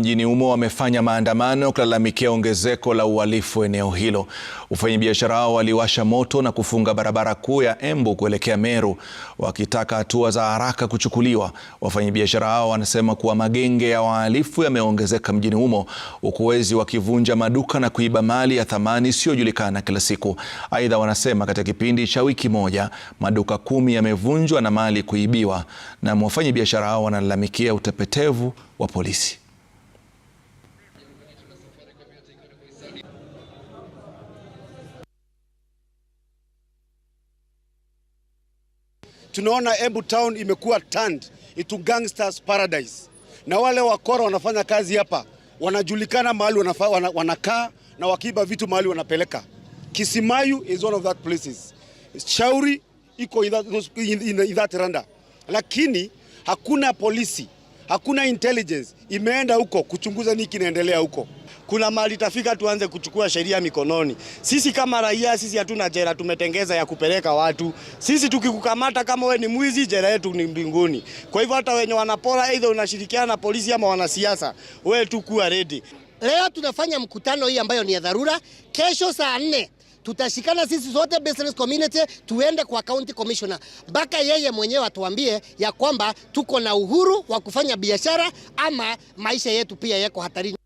mjini humo wamefanya maandamano kulalamikia ongezeko la uhalifu eneo hilo. Wafanyabiashara hao waliwasha moto na kufunga barabara kuu ya Embu kuelekea Meru, wakitaka hatua za haraka kuchukuliwa. Wafanyabiashara hao wanasema kuwa magenge ya wahalifu yameongezeka mjini humo, huku wezi wakivunja maduka na kuiba mali ya thamani isiyojulikana kila siku. Aidha, wanasema katika kipindi cha wiki moja maduka kumi yamevunjwa na mali kuibiwa, na wafanyabiashara hao wanalalamikia utepetevu wa polisi. tunaona Embu town imekuwa turned into gangsters paradise, na wale wakora wanafanya kazi hapa, wanajulikana mahali wanakaa, wana na wakiiba vitu mahali wanapeleka. Kisimayu is one of that places. Shauri iko in that, in, in that randa, lakini hakuna polisi, hakuna intelligence imeenda huko kuchunguza nini kinaendelea huko kuna mali tafika tuanze kuchukua sheria mikononi. Sisi kama raia, sisi hatuna jela tumetengeza ya kupeleka watu. Sisi tukikukamata kama we ni mwizi, jela yetu ni mbinguni. Kwa hivyo hata wenye wanapora, aidha unashirikiana na polisi ama wanasiasa, we tu kuwa ready. Leo tunafanya mkutano hii ambayo ni ya dharura. Kesho saa nne tutashikana sisi sote business community, tuende kwa county commissioner mpaka yeye mwenyewe atuambie ya kwamba tuko na uhuru wa kufanya biashara ama maisha yetu pia yako hatarini.